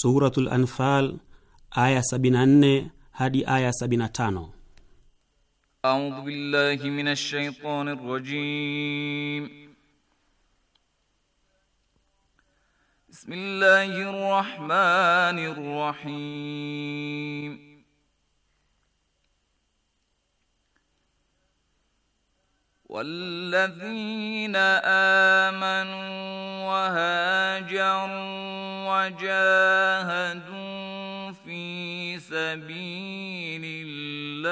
Suratul Anfal aya 74 hadi aya 75. A'udhu billahi minash rajim. rrajim. Bismillahir rahmanir rahim. والذين آمنوا وهاجروا وجاهدوا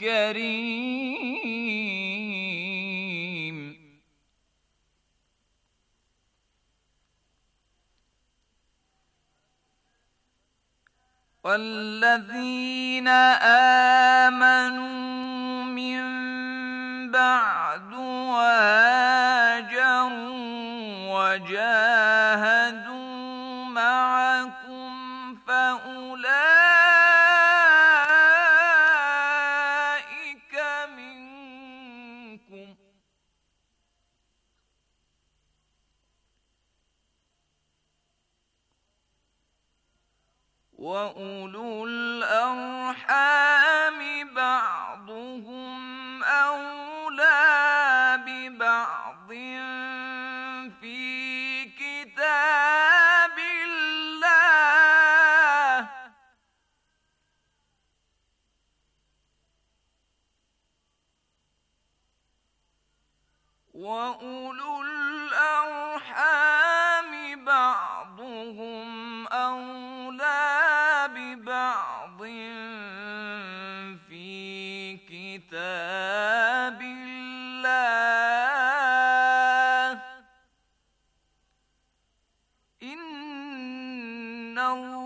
كريم والذين آمنوا من بعد وآمنوا وأولو Kwa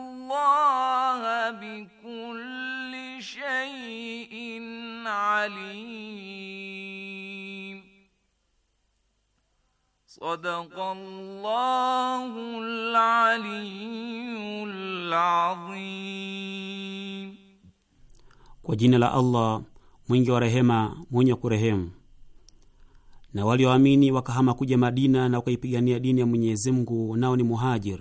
jina la Allah mwingi wa rehema mwenye kurehemu. Na walioamini wa wakahama kuja Madina na wakaipigania dini ya Mwenyezi Mungu, nao ni muhajir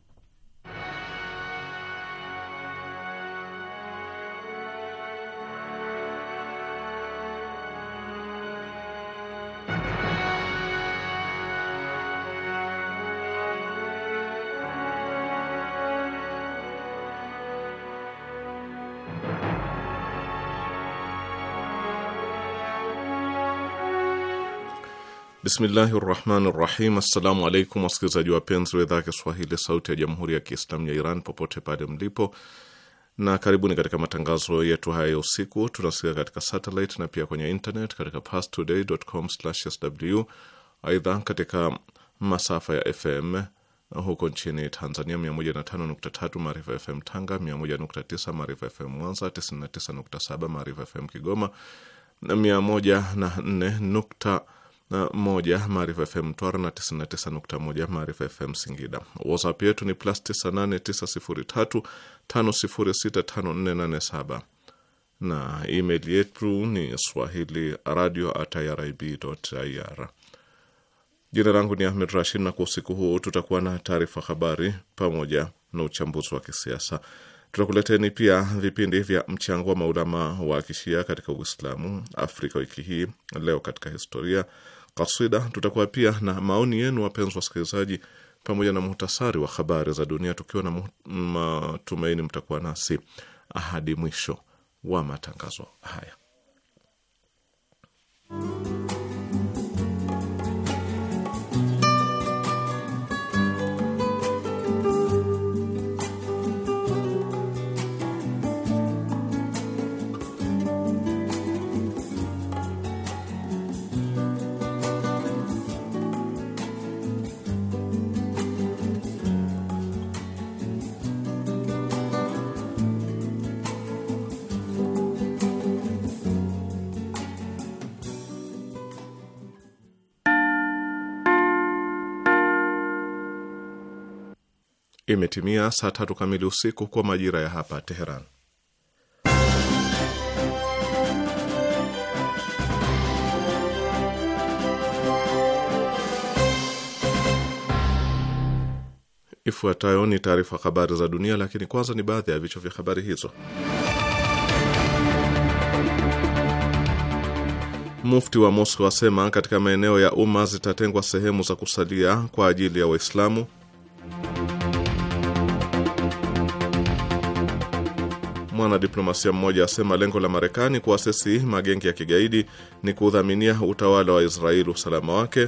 Bismillahi rahmani rahim. Assalamu alaikum wasikilizaji wapenzi wa idhaa ya Kiswahili sauti ya jamhuri ya Kiislamu ya Iran popote pale mlipo, na karibuni katika matangazo yetu haya ya usiku. Tunasikia katika satellite na pia kwenye internet katika pastoday.com/sw. Aidha, katika masafa ya FM huko nchini Tanzania, 105.3 Maarifa FM Tanga, 101.9 Maarifa FM Mwanza, 99.7 Maarifa FM Kigoma na 14 moja Maarifa FM Mtwara na moja Maarifa FM Singida. WhatsApp yetu ni plus saba na email yetu ni swahili radio at ir. Jina langu ni Ahmed Rashid, na kwa usiku huu tutakuwa na taarifa habari pamoja na uchambuzi wa kisiasa. Tutakuleteni pia vipindi vya mchango wa maulama wa kishia katika Uislamu, Afrika wiki hii, leo katika historia kasida. Tutakuwa pia na maoni yenu, wapenzi wasikilizaji, pamoja na muhtasari wa habari za dunia, tukiwa na matumaini mtakuwa nasi hadi mwisho wa matangazo haya. Imetimia saa tatu kamili usiku kwa majira ya hapa Teheran. Ifuatayo ni taarifa habari za dunia, lakini kwanza ni baadhi ya vichwa vya habari hizo. Mufti wa Moscow asema katika maeneo ya umma zitatengwa sehemu za kusalia kwa ajili ya Waislamu. mwanadiplomasia mmoja asema lengo la Marekani kuasisi magenge ya kigaidi ni kuudhaminia utawala wa Israeli usalama wake.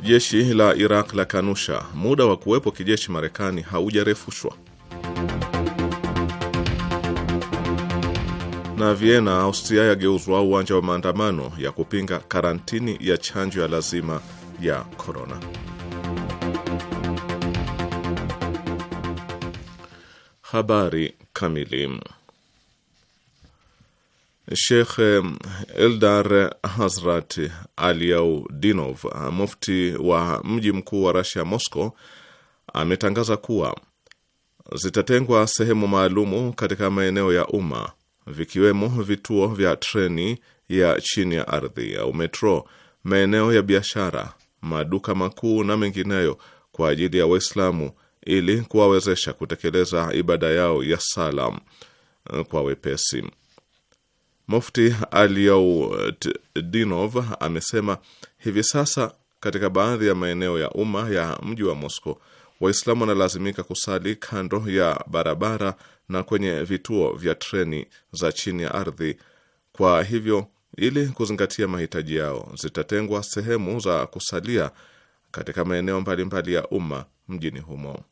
Jeshi la Iraq la kanusha muda wa kuwepo kijeshi Marekani haujarefushwa. Na Vienna, Austria yageuzwa uwanja wa maandamano ya kupinga karantini ya chanjo ya lazima ya korona. Habari kamili. Sheikh Eldar Hazrat Aliaudinov, mufti wa mji mkuu wa Russia Moscow, ametangaza kuwa zitatengwa sehemu maalumu katika maeneo ya umma vikiwemo vituo vya treni ya chini ya ardhi au metro, maeneo ya biashara, maduka makuu na mengineyo kwa ajili ya Waislamu ili kuwawezesha kutekeleza ibada yao ya sala eh, kwa wepesi. Mufti Dinov amesema hivi sasa katika baadhi ya maeneo ya umma ya mji wa Moscow Waislamu wanalazimika kusali kando ya barabara na kwenye vituo vya treni za chini ya ardhi. Kwa hivyo, ili kuzingatia mahitaji yao, zitatengwa sehemu za kusalia katika maeneo mbalimbali ya umma mjini humo.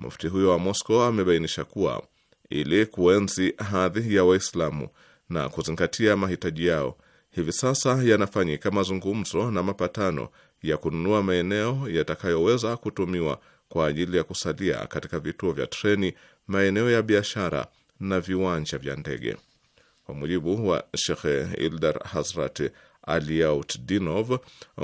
Mufti huyo wa Moscow amebainisha kuwa ili kuenzi hadhi ya Waislamu na kuzingatia mahitaji yao, hivi sasa yanafanyika mazungumzo na mapatano ya kununua maeneo yatakayoweza kutumiwa kwa ajili ya kusalia katika vituo vya treni, maeneo ya biashara na viwanja vya ndege. Kwa mujibu wa Shekhe Ildar Hazrat Aliautdinov,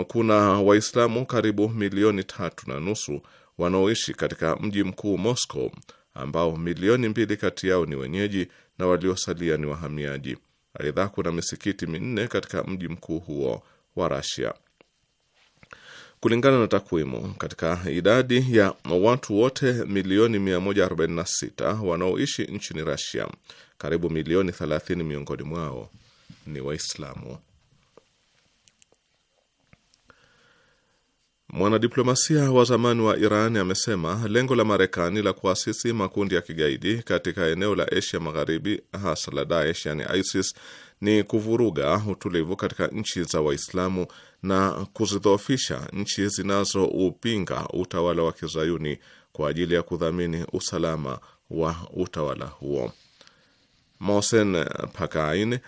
kuna Waislamu karibu milioni tatu na nusu wanaoishi katika mji mkuu Moscow, ambao milioni mbili kati yao ni wenyeji na waliosalia ni wahamiaji. Aidha, kuna misikiti minne katika mji mkuu huo wa Rasia. Kulingana na takwimu, katika idadi ya watu wote milioni 146 wanaoishi nchini Rasia, karibu milioni 30 miongoni mwao ni Waislamu. Mwanadiplomasia wa zamani wa Iran amesema lengo la Marekani la kuasisi makundi ya kigaidi katika eneo la Asia Magharibi, hasa la Daesh yani ISIS, ni kuvuruga utulivu katika nchi za Waislamu na kuzidhoofisha nchi zinazoupinga utawala wa kizayuni kwa ajili ya kudhamini usalama wa utawala huo. Mohsen Pakain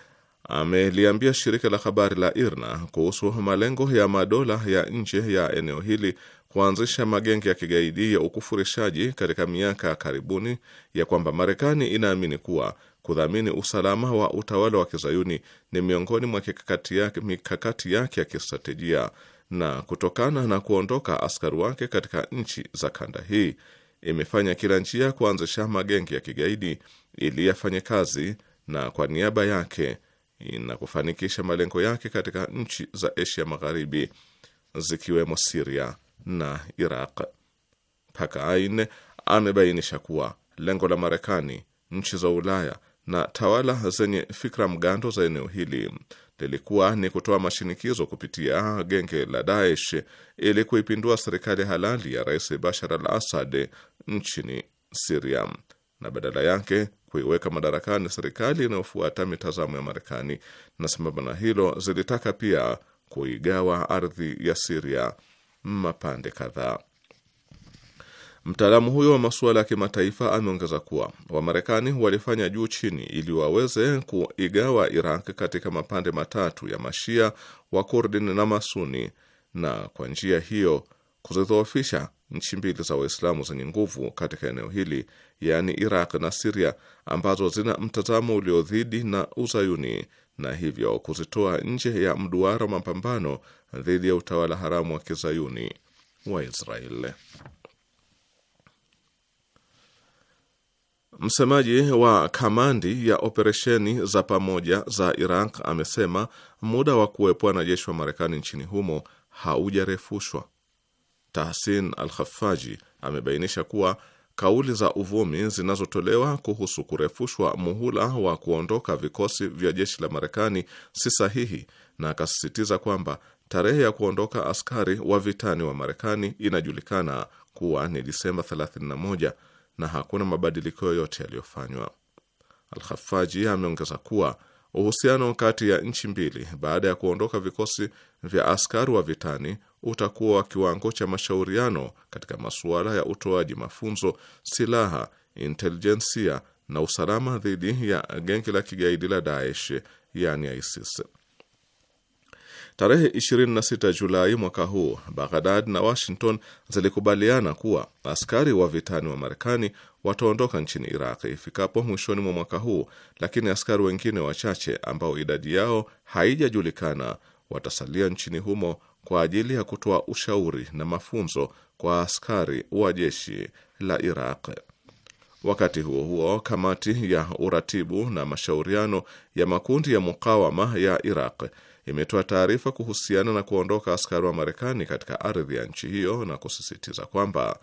ameliambia shirika la habari la IRNA kuhusu malengo ya madola ya nje ya eneo hili kuanzisha magenge ya kigaidi ya ukufurishaji katika miaka ya karibuni ya kwamba Marekani inaamini kuwa kudhamini usalama wa utawala wa kizayuni ni miongoni mwa mikakati yake ya kistratejia, na kutokana na kuondoka askari wake katika nchi za kanda hii imefanya kila njia kuanzisha magenge ya kigaidi ili yafanye kazi na kwa niaba yake na kufanikisha malengo yake katika nchi za Asia Magharibi zikiwemo Siria na Iraq. Pakain amebainisha kuwa lengo la Marekani, nchi za Ulaya na tawala zenye fikra mgando za eneo hili lilikuwa ni kutoa mashinikizo kupitia genge la Daesh ili kuipindua serikali halali ya Rais Bashar al Assad nchini Siria na badala yake kuiweka madarakani serikali inayofuata mitazamo ya Marekani, na sambamba na hilo zilitaka pia kuigawa ardhi ya Siria mapande kadhaa. Mtaalamu huyo wa masuala ya kimataifa ameongeza kuwa Wamarekani walifanya juu chini ili waweze kuigawa Iraq katika mapande matatu ya Mashia, Wakurdi na Masuni, na kwa njia hiyo kuzidhoofisha nchi mbili za Waislamu zenye nguvu katika eneo hili, yaani Iraq na Siria, ambazo zina mtazamo uliodhidi na Uzayuni na hivyo kuzitoa nje ya mduara wa mapambano dhidi ya utawala haramu wa kizayuni wa Israeli. Msemaji wa kamandi ya operesheni za pamoja za Iraq amesema muda wa kuwepo wanajeshi wa Marekani nchini humo haujarefushwa. Tahsin Al-Khafaji amebainisha kuwa kauli za uvumi zinazotolewa kuhusu kurefushwa muhula wa kuondoka vikosi vya jeshi la Marekani si sahihi, na akasisitiza kwamba tarehe ya kuondoka askari wa vitani wa Marekani inajulikana kuwa ni Disemba 31 na hakuna mabadiliko yoyote yaliyofanywa. Al-Khafaji ameongeza kuwa uhusiano kati ya nchi mbili baada ya kuondoka vikosi vya askari wa vitani utakuwa wa kiwango cha mashauriano katika masuala ya utoaji mafunzo, silaha, intelijensia na usalama dhidi ya gengi la kigaidi la Daesh, yani ISIS. Tarehe 26 Julai mwaka huu, Baghdad na Washington zilikubaliana kuwa askari wa vitani wa Marekani wataondoka nchini Iraq ifikapo mwishoni mwa mwaka huu, lakini askari wengine wachache ambao idadi yao haijajulikana watasalia nchini humo kwa ajili ya kutoa ushauri na mafunzo kwa askari wa jeshi la Iraq. Wakati huo huo, kamati ya uratibu na mashauriano ya makundi ya mukawama ya Iraq imetoa taarifa kuhusiana na kuondoka askari wa Marekani katika ardhi ya nchi hiyo na kusisitiza kwamba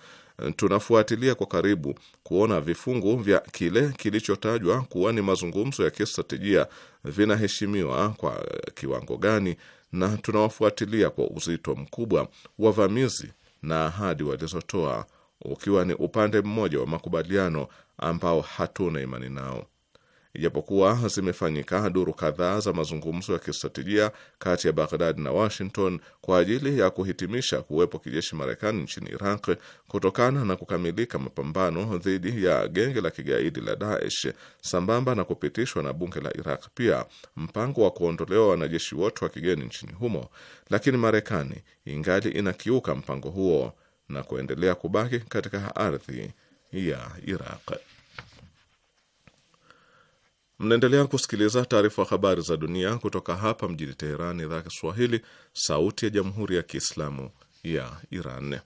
tunafuatilia kwa karibu kuona vifungu vya kile kilichotajwa kuwa ni mazungumzo ya kistratejia vinaheshimiwa kwa kiwango gani na tunawafuatilia kwa uzito mkubwa wavamizi na ahadi walizotoa, ukiwa ni upande mmoja wa makubaliano ambao hatuna imani nao. Ijapokuwa zimefanyika duru kadhaa za mazungumzo ya kistratejia kati ya Baghdad na Washington kwa ajili ya kuhitimisha kuwepo kijeshi Marekani nchini Iraq kutokana na kukamilika mapambano dhidi ya genge la kigaidi la Daesh sambamba na kupitishwa na bunge la Iraq pia mpango wa kuondolewa wanajeshi wote wa kigeni nchini humo, lakini Marekani ingali inakiuka mpango huo na kuendelea kubaki katika ardhi ya Iraq. Mnaendelea kusikiliza taarifa habari za dunia kutoka hapa mjini Teherani, idhaa ya Kiswahili, sauti ya jamhuri ya kiislamu ya Iran.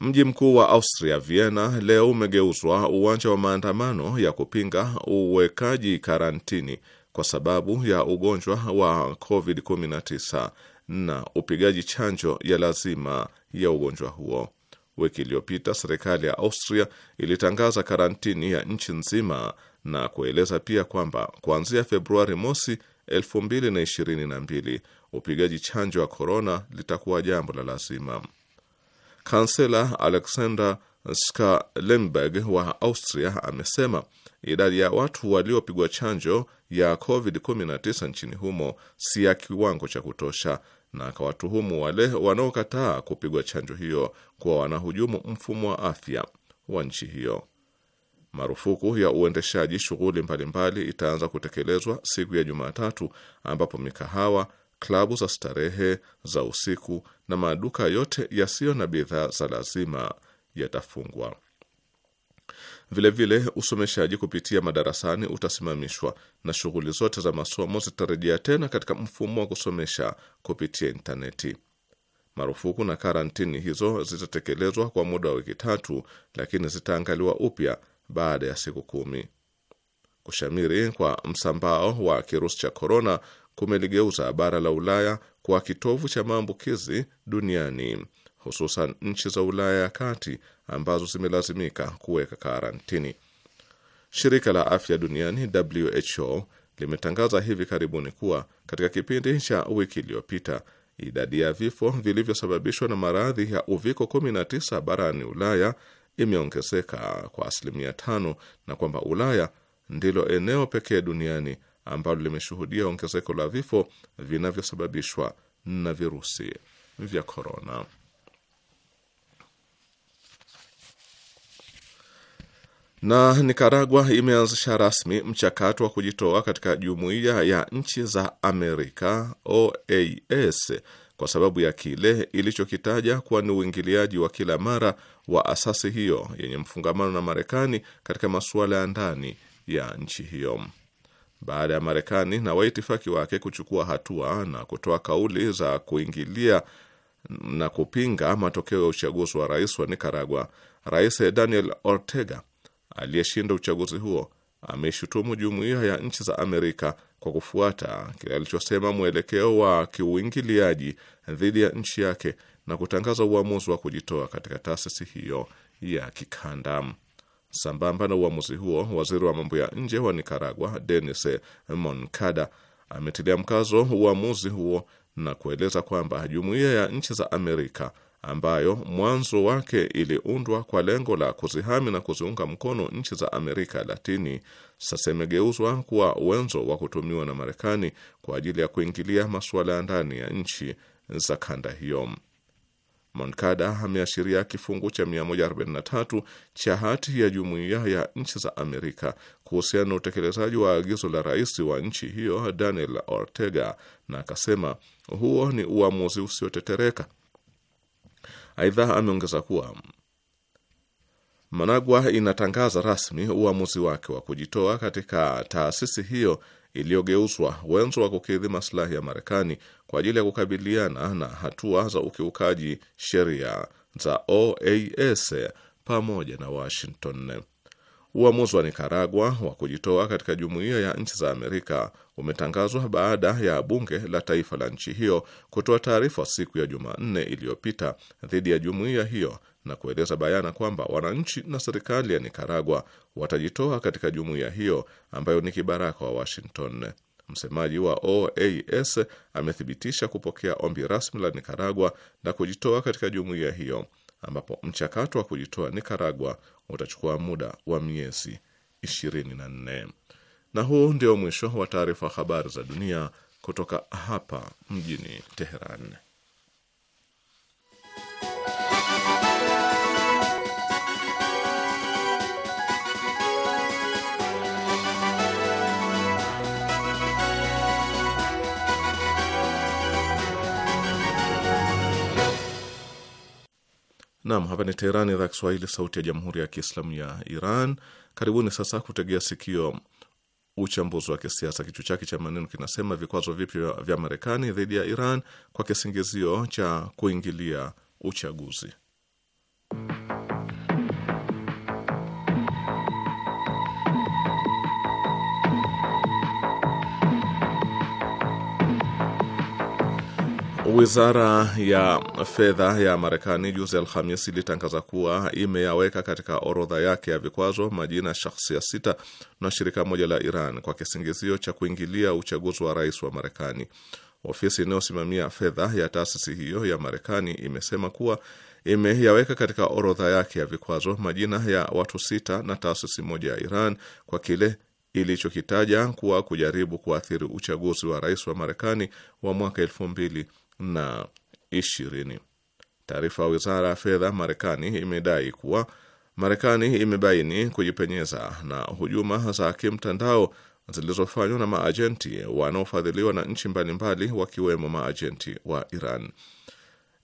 Mji mkuu wa Austria, Vienna, leo umegeuzwa uwanja wa maandamano ya kupinga uwekaji karantini kwa sababu ya ugonjwa wa COVID-19 na upigaji chanjo ya lazima ya ugonjwa huo. Wiki iliyopita serikali ya Austria ilitangaza karantini ya nchi nzima na kueleza pia kwamba kuanzia Februari mosi 2022 upigaji chanjo wa korona litakuwa jambo la lazima. Kansela Alexander Schallenberg wa Austria amesema idadi ya watu waliopigwa chanjo ya COVID-19 nchini humo si ya kiwango cha kutosha na akawatuhumu wale wanaokataa kupigwa chanjo hiyo kuwa wanahujumu mfumo wa afya wa nchi hiyo. Marufuku ya uendeshaji shughuli mbalimbali itaanza kutekelezwa siku ya Jumatatu, ambapo mikahawa, klabu za starehe za usiku na maduka yote yasiyo na bidhaa za lazima yatafungwa. Vilevile vile, usomeshaji kupitia madarasani utasimamishwa na shughuli zote za masomo zitarejea tena katika mfumo wa kusomesha kupitia intaneti. Marufuku na karantini hizo zitatekelezwa kwa muda wa wiki tatu, lakini zitaangaliwa upya baada ya siku kumi. Kushamiri kwa msambao wa kirusi cha korona kumeligeuza bara la Ulaya kuwa kitovu cha maambukizi duniani hususan nchi za Ulaya ya kati ambazo zimelazimika kuweka karantini. Shirika la afya duniani WHO limetangaza hivi karibuni kuwa katika kipindi cha wiki iliyopita idadi ya vifo vilivyosababishwa na maradhi ya uviko 19 barani Ulaya imeongezeka kwa asilimia tano na kwamba Ulaya ndilo eneo pekee duniani ambalo limeshuhudia ongezeko la vifo vinavyosababishwa na virusi vya korona. Na Nikaragua imeanzisha rasmi mchakato wa kujitoa katika jumuiya ya nchi za Amerika OAS kwa sababu ya kile ilichokitaja kuwa ni uingiliaji wa kila mara wa asasi hiyo yenye mfungamano na Marekani katika masuala ya ndani ya nchi hiyo. Baada ya Marekani na waitifaki wake kuchukua hatua na kutoa kauli za kuingilia na kupinga matokeo ya uchaguzi wa rais wa nikaragua Rais Daniel Ortega aliyeshinda uchaguzi huo ameshutumu jumuiya ya nchi za Amerika kwa kufuata kile alichosema mwelekeo wa kiuingiliaji dhidi ya nchi yake na kutangaza uamuzi wa kujitoa katika taasisi hiyo ya kikanda. Sambamba na uamuzi huo, waziri wa mambo ya nje wa nikaragua Denis Moncada ametilia mkazo uamuzi huo na kueleza kwamba jumuiya ya nchi za Amerika ambayo mwanzo wake iliundwa kwa lengo la kuzihami na kuziunga mkono nchi za Amerika Latini, sasa imegeuzwa kuwa wenzo wa kutumiwa na Marekani kwa ajili ya kuingilia masuala ya ndani ya nchi za kanda hiyo. Moncada ameashiria kifungu cha 143 cha hati ya jumuiya ya nchi za Amerika kuhusiana na utekelezaji wa agizo la rais wa nchi hiyo Daniel Ortega, na akasema huo ni uamuzi usiotetereka Aidha, ameongeza kuwa Managwa inatangaza rasmi uamuzi wake wa kujitoa katika taasisi hiyo iliyogeuzwa wenzo wa kukidhi masilahi ya Marekani kwa ajili ya kukabiliana na hatua za ukiukaji sheria za OAS pamoja na Washington. Uamuzi wa Nikaragua wa kujitoa katika jumuiya ya nchi za Amerika umetangazwa baada ya bunge la taifa la nchi hiyo kutoa taarifa siku ya Jumanne iliyopita dhidi ya jumuiya hiyo na kueleza bayana kwamba wananchi na serikali ya Nikaragua watajitoa katika jumuiya hiyo ambayo ni kibaraka wa Washington. Msemaji wa OAS amethibitisha kupokea ombi rasmi la Nikaragua la kujitoa katika jumuiya hiyo ambapo mchakato wa kujitoa Nikaragua utachukua muda wa miezi 24. Na huu ndio mwisho wa taarifa habari za dunia kutoka hapa mjini Teheran. Nam, hapa ni Teherani, idhaa Kiswahili, sauti ya jamhuri ya kiislamu ya Iran. Karibuni sasa kutegea sikio Uchambuzi wa kisiasa kichwa chake cha maneno kinasema vikwazo vipya vya Marekani dhidi ya Iran kwa kisingizio cha kuingilia uchaguzi. Wizara ya fedha ya Marekani juzi Alhamisi ilitangaza kuwa imeyaweka katika orodha yake ya vikwazo majina ya shakhsia sita na shirika moja la Iran kwa kisingizio cha kuingilia uchaguzi wa rais wa Marekani. Ofisi inayosimamia fedha ya taasisi hiyo ya Marekani imesema kuwa imeyaweka katika orodha yake ya vikwazo majina ya watu sita na taasisi moja ya Iran kwa kile ilichokitaja kuwa kujaribu kuathiri uchaguzi wa rais wa Marekani wa mwaka elfu mbili na ishirini. Taarifa ya wizara ya fedha Marekani imedai kuwa Marekani imebaini kujipenyeza na hujuma za kimtandao zilizofanywa na maajenti wanaofadhiliwa na nchi mbalimbali wakiwemo maajenti wa Iran.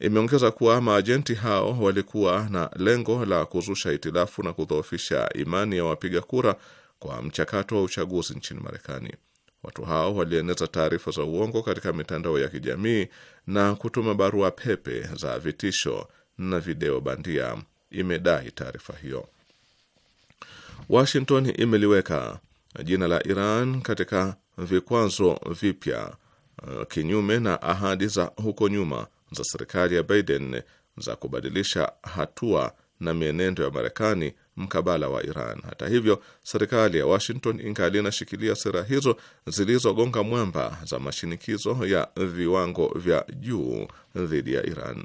Imeongeza kuwa maajenti hao walikuwa na lengo la kuzusha itilafu na kudhoofisha imani ya wapiga kura kwa mchakato wa uchaguzi nchini Marekani. Watu hao walieneza taarifa za uongo katika mitandao ya kijamii na kutuma barua pepe za vitisho na video bandia, imedai taarifa hiyo. Washington imeliweka jina la Iran katika vikwazo vipya, uh, kinyume na ahadi za huko nyuma za serikali ya Biden za kubadilisha hatua na mienendo ya Marekani mkabala wa Iran. Hata hivyo, serikali ya Washington ingali inashikilia sera hizo zilizogonga mwamba za mashinikizo ya viwango vya juu dhidi ya Iran.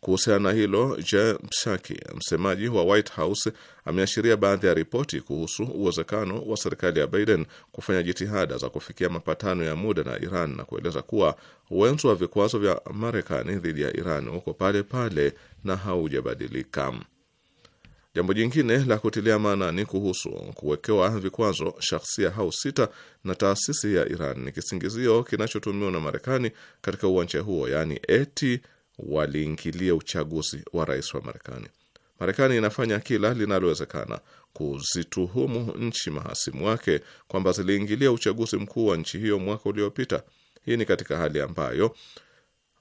Kuhusiana na hilo, Jen Psaki, msemaji wa White House, ameashiria baadhi ya ripoti kuhusu uwezekano wa serikali ya Biden kufanya jitihada za kufikia mapatano ya muda na Iran na kueleza kuwa wenzo wa vikwazo vya Marekani dhidi ya Iran uko pale pale na haujabadilika. Jambo jingine la kutilia maanani kuhusu kuwekewa vikwazo shahsia hao sita na taasisi ya Iran ni kisingizio kinachotumiwa na Marekani katika uwanja huo, yaani eti waliingilia uchaguzi wa rais wa Marekani. Marekani inafanya kila linalowezekana kuzituhumu nchi mahasimu wake kwamba ziliingilia uchaguzi mkuu wa nchi hiyo mwaka uliopita. Hii ni katika hali ambayo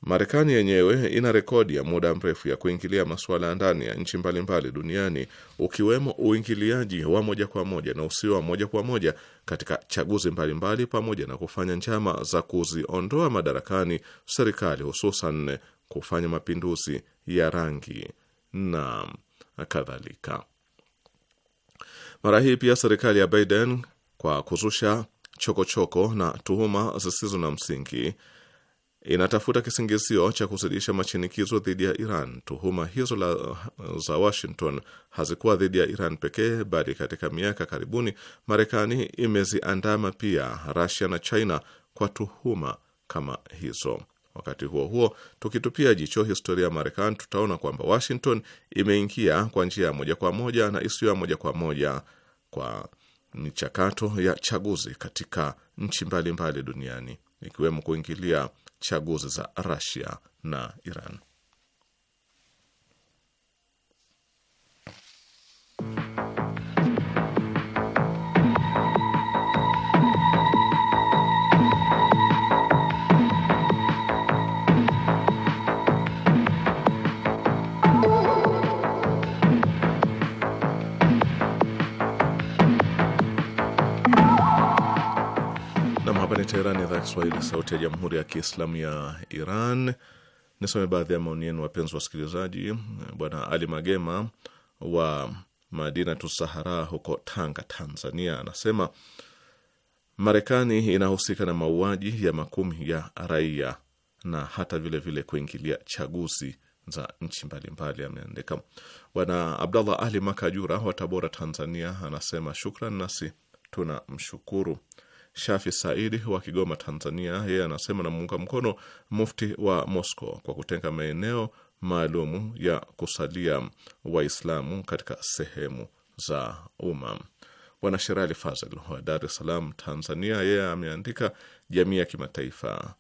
Marekani yenyewe ina rekodi ya muda mrefu ya kuingilia masuala ya ndani ya nchi mbalimbali duniani ukiwemo uingiliaji wa moja kwa moja na usio wa moja kwa moja katika chaguzi mbalimbali pamoja na kufanya njama za kuziondoa madarakani serikali, hususan kufanya mapinduzi ya rangi na kadhalika. Mara hii pia serikali ya Biden kwa kuzusha chokochoko choko na tuhuma zisizo na msingi inatafuta kisingizio cha kuzidisha mashinikizo dhidi ya Iran. Tuhuma hizo la, za Washington hazikuwa dhidi ya Iran pekee, bali katika miaka karibuni Marekani imeziandama pia rusia na China kwa tuhuma kama hizo. Wakati huo huo, tukitupia jicho historia ya Marekani tutaona kwamba Washington imeingia kwa njia ya moja kwa moja na isiyo ya moja kwa moja kwa michakato ya chaguzi katika nchi mbalimbali mbali duniani ikiwemo kuingilia chaguzi za Rasia na Iran. Teherani, idhaa ya Kiswahili, sauti ya jamhuri ya kiislamu ya Iran. Nisome baadhi ya maoni yenu, wapenzi wasikilizaji. Bwana Ali Magema wa Madinatu Sahara huko Tanga, Tanzania, anasema Marekani inahusika na mauaji ya makumi ya raia na hata vilevile vile kuingilia chaguzi za nchi mbalimbali, ameandika. Bwana Abdallah Ali Makajura wa Tabora, Tanzania, anasema shukran, nasi tuna mshukuru Shafi Saidi wa Kigoma, Tanzania, yeye anasema namuunga mkono mufti wa Moscow kwa kutenga maeneo maalumu ya kusalia Waislamu katika sehemu za umma. Bwana Sherali wa Dar es Salaam, Tanzania, yeye ameandika, jamii ya kimataifa,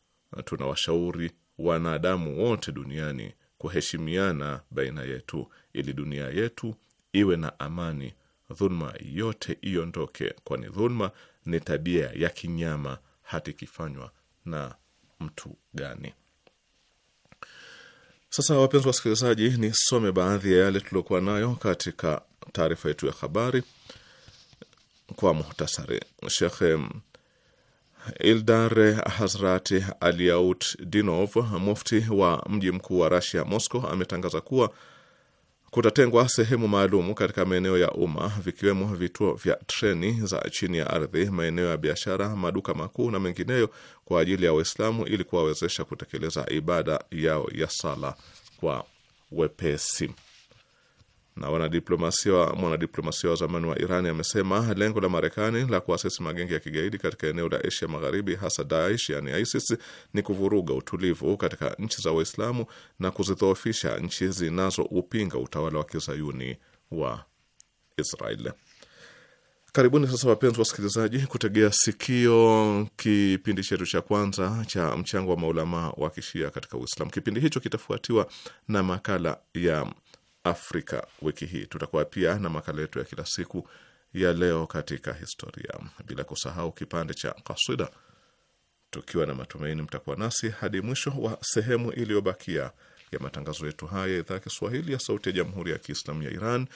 tunawashauri wanadamu wote duniani kuheshimiana baina yetu ili dunia yetu iwe na amani, dhulma yote iondoke, kwani dhulma ni tabia ya kinyama hata ikifanywa na mtu gani. Sasa wapenzi wasikilizaji, nisome baadhi ya yale tuliokuwa nayo katika taarifa yetu ya habari kwa muhtasari. Shekhe Ildar Hazrati Aliaut Dinov, mufti wa mji mkuu wa Rasia, Moscow, ametangaza kuwa Kutatengwa sehemu maalumu katika maeneo ya umma vikiwemo vituo vya treni za chini ya ardhi, maeneo ya biashara, maduka makuu na mengineyo kwa ajili ya Waislamu ili kuwawezesha kutekeleza ibada yao ya sala kwa wepesi na mwanadiplomasia wa zamani wa Iran amesema lengo la Marekani la kuasisi magenge ya kigaidi katika eneo la Asia Magharibi, hasa Daesh yani ISIS, ni kuvuruga utulivu katika nchi za Waislamu na kuzidhoofisha nchi zinazoupinga utawala wa kizayuni wa Israel. Karibuni sasa wapenzi wasikilizaji, kutegea sikio kipindi chetu cha kwanza cha mchango wa maulamaa wa kishia katika Uislamu. Kipindi hicho kitafuatiwa na makala ya Afrika wiki hii. Tutakuwa pia na makala yetu ya kila siku ya leo katika historia, bila kusahau kipande cha kasida, tukiwa na matumaini mtakuwa nasi hadi mwisho wa sehemu iliyobakia ya matangazo yetu haya ya idhaa ya Kiswahili ya Sauti ya Jamhuri ya Kiislamu ya Iran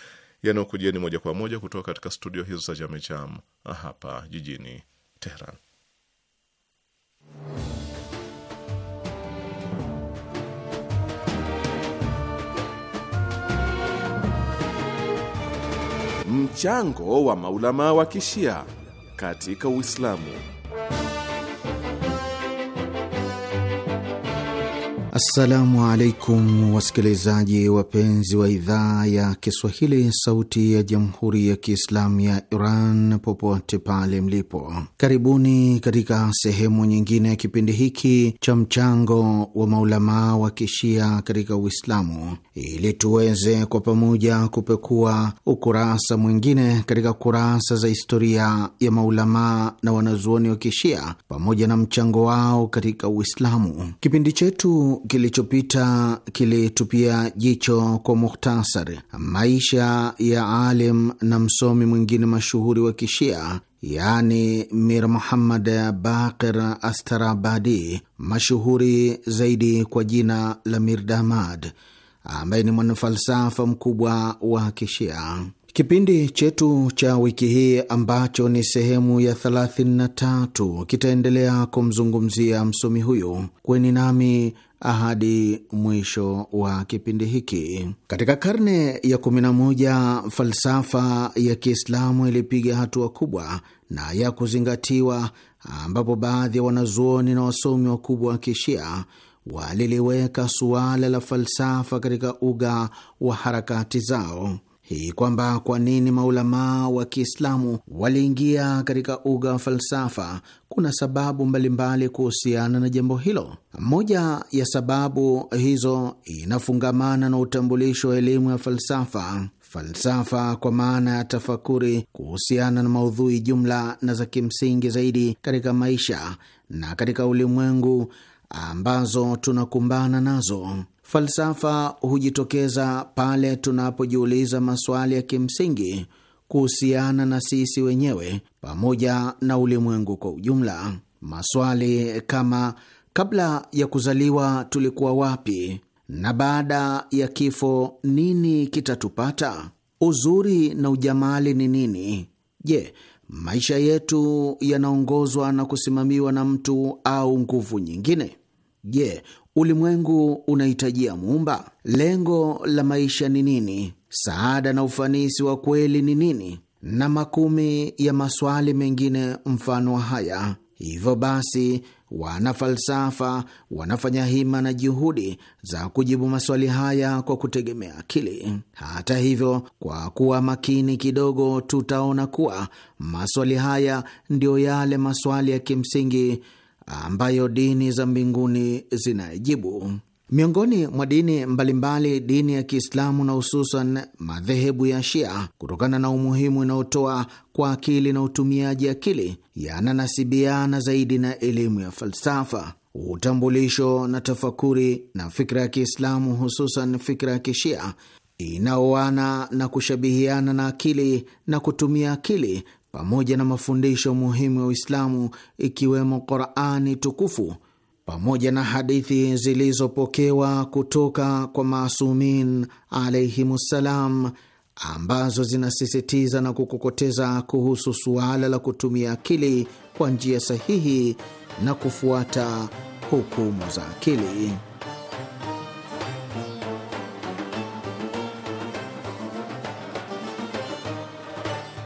yanayokujieni moja kwa moja kutoka katika studio hizo za Jamejam hapa jijini Teheran. Mchango wa maulama wa kishia katika Uislamu. Assalamu alaikum wasikilizaji wapenzi wa idhaa ya Kiswahili, sauti ya jamhuri ya kiislamu ya Iran, popote pale mlipo, karibuni katika sehemu nyingine ya kipindi hiki cha mchango wa maulamaa wa kishia katika Uislamu ili tuweze kwa pamoja kupekua ukurasa mwingine katika kurasa za historia ya maulamaa na wanazuoni wa Kishia pamoja na mchango wao katika Uislamu. Kipindi chetu kilichopita kilitupia jicho kwa mukhtasari maisha ya alim na msomi mwingine mashuhuri wa Kishia, yaani Mir Muhammad Baqir Astarabadi, mashuhuri zaidi kwa jina la Mirdamad ambaye ni mwanafalsafa mkubwa wa Kishia. Kipindi chetu cha wiki hii ambacho ni sehemu ya 33 kitaendelea kumzungumzia msomi huyu. Kweni nami ahadi mwisho wa kipindi hiki. Katika karne ya 11 falsafa ya Kiislamu ilipiga hatua kubwa na ya kuzingatiwa, ambapo baadhi ya wanazuoni na wasomi wakubwa wa Kishia waliliweka suala la falsafa katika uga wa harakati zao hii kwamba kwa nini maulamaa wa Kiislamu waliingia katika uga wa falsafa. Kuna sababu mbalimbali kuhusiana na jambo hilo. Moja ya sababu hizo inafungamana na utambulisho wa elimu ya falsafa. Falsafa kwa maana ya tafakuri kuhusiana na maudhui jumla na za kimsingi zaidi katika maisha na katika ulimwengu ambazo tunakumbana nazo. Falsafa hujitokeza pale tunapojiuliza maswali ya kimsingi kuhusiana na sisi wenyewe pamoja na ulimwengu kwa ujumla. Maswali kama kabla ya kuzaliwa tulikuwa wapi, na baada ya kifo nini kitatupata? Uzuri na ujamali ni nini? Je, maisha yetu yanaongozwa na kusimamiwa na mtu au nguvu nyingine? Je, ulimwengu unahitajia muumba? Lengo la maisha ni nini? Saada na ufanisi wa kweli ni nini? Na makumi ya maswali mengine mfano wa haya. Hivyo basi, wana falsafa wanafanya hima na juhudi za kujibu maswali haya kwa kutegemea akili. Hata hivyo, kwa kuwa makini kidogo, tutaona kuwa maswali haya ndiyo yale maswali ya kimsingi ambayo dini za mbinguni zinayajibu Miongoni mwa dini mbalimbali, dini ya Kiislamu na hususan madhehebu ya Shia, kutokana na umuhimu inaotoa kwa akili na utumiaji akili, yananasibiana zaidi na elimu ya falsafa utambulisho na tafakuri na fikra ya Kiislamu, hususan fikra ya Kishia inaoana na kushabihiana na akili na kutumia akili pamoja na mafundisho muhimu ya Uislamu ikiwemo Qurani tukufu pamoja na hadithi zilizopokewa kutoka kwa Masumin alaihimussalam ambazo zinasisitiza na kukokoteza kuhusu suala la kutumia akili kwa njia sahihi na kufuata hukumu za akili.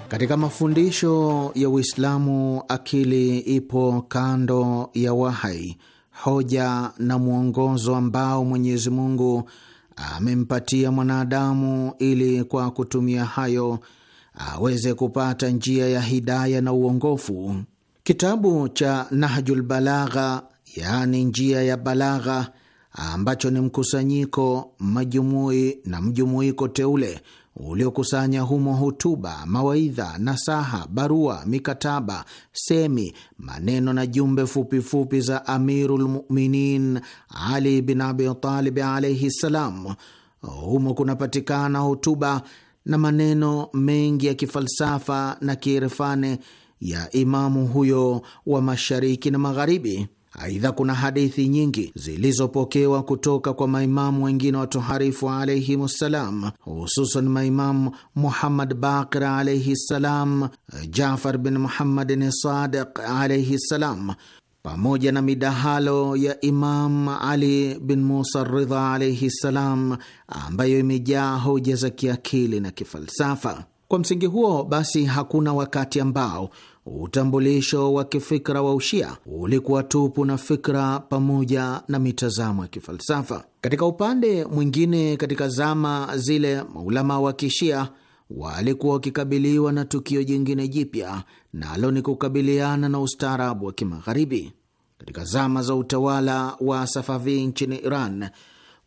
Katika mafundisho ya Uislamu akili ipo kando ya wahai, hoja na mwongozo ambao Mwenyezi Mungu amempatia mwanadamu ili kwa kutumia hayo aweze kupata njia ya hidaya na uongofu. Kitabu cha Nahjul Balagha, yaani njia ya balagha, ambacho ni mkusanyiko, majumui na mjumuiko teule uliokusanya humo hotuba, mawaidha, nasaha, barua, mikataba, semi, maneno na jumbe fupifupi za amirulmuminin Ali bin Abitalib alaihi ssalam. Humo kunapatikana hotuba na maneno mengi ya kifalsafa na kierefane ya imamu huyo wa mashariki na magharibi. Aidha, kuna hadithi nyingi zilizopokewa kutoka kwa maimamu wengine watoharifu alaihimussalam, hususan maimamu Muhammad Baqir alaihi ssalam, Jafar bin Muhammadin Sadiq alaihi ssalam pamoja na midahalo ya Imam Ali bin Musa Ridha alaihi ssalam, ambayo imejaa hoja za kiakili na kifalsafa. Kwa msingi huo basi, hakuna wakati ambao utambulisho wa kifikra wa Ushia ulikuwa tupu na fikra pamoja na mitazamo ya kifalsafa. Katika upande mwingine, katika zama zile maulama wa kishia walikuwa wakikabiliwa na tukio jingine jipya, nalo ni kukabiliana na ustaarabu wa kimagharibi. Katika zama za utawala wa Safavi nchini Iran,